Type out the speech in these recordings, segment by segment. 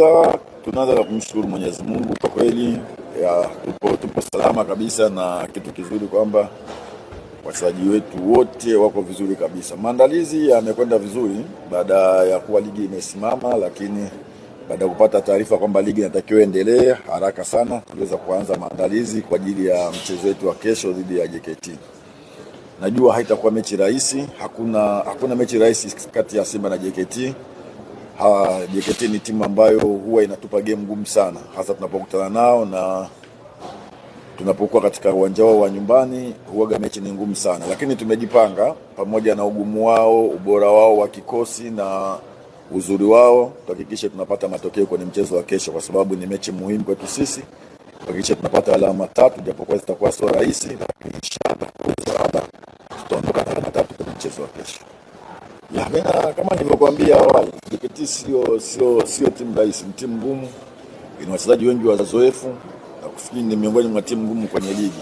Kwanza tunaanza na kumshukuru Mwenyezi Mungu kwa kweli ya, tupo, tupo salama kabisa, na kitu kizuri kwamba wachezaji wetu wote wako vizuri kabisa. Maandalizi yamekwenda vizuri baada ya kuwa ligi imesimama, lakini baada ya kupata taarifa kwamba ligi inatakiwa endelee haraka sana, tuliweza kuanza maandalizi kwa ajili ya mchezo wetu wa kesho dhidi ya JKT. Najua haitakuwa mechi rahisi, hakuna, hakuna mechi rahisi kati ya Simba na JKT ha, JKT ni timu ambayo huwa inatupa game ngumu sana, hasa tunapokutana nao na tunapokuwa katika uwanja wao wa nyumbani, huwaga mechi ni ngumu sana, lakini tumejipanga pamoja na ugumu wao, ubora wao wa kikosi na uzuri wao, tuhakikishe tunapata matokeo kwenye mchezo wa kesho, kwa sababu ni mechi muhimu kwetu sisi tuhakikishe tunapata alama tatu, japokuwa zitakuwa sio rahisi, lakini inshallah tutaondoka na alama tatu kwenye mchezo wa kesho. Mena, kama nilivyokuambia awali, JKT sio sio sio timu rahisi, ni timu ngumu, ina wachezaji wengi wazoefu na kufikiri ni miongoni mwa timu ngumu kwenye ligi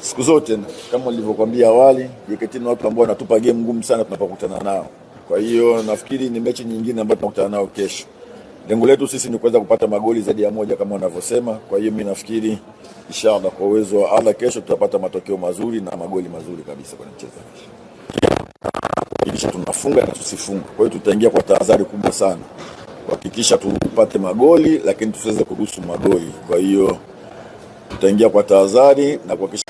siku zote. Kama nilivyokuambia awali, JKT ni watu ambao wanatupa game ngumu sana tunapokutana nao. Kwa hiyo nafikiri ni mechi nyingine ambayo tunakutana nao kesho. Lengo letu sisi ni kuweza kupata magoli zaidi ya moja kama wanavyosema. Kwa hiyo mimi nafikiri inshallah, kwa uwezo wa Allah, kesho tutapata matokeo mazuri na magoli mazuri kabisa kwenye mchezo kesho kuhakikisha tunafunga na tusifunga. Kwa hiyo tutaingia kwa tahadhari kubwa sana kuhakikisha tupate magoli, lakini tusiweze kuruhusu magoli. Kwa hiyo tutaingia kwa tahadhari na kuhakikisha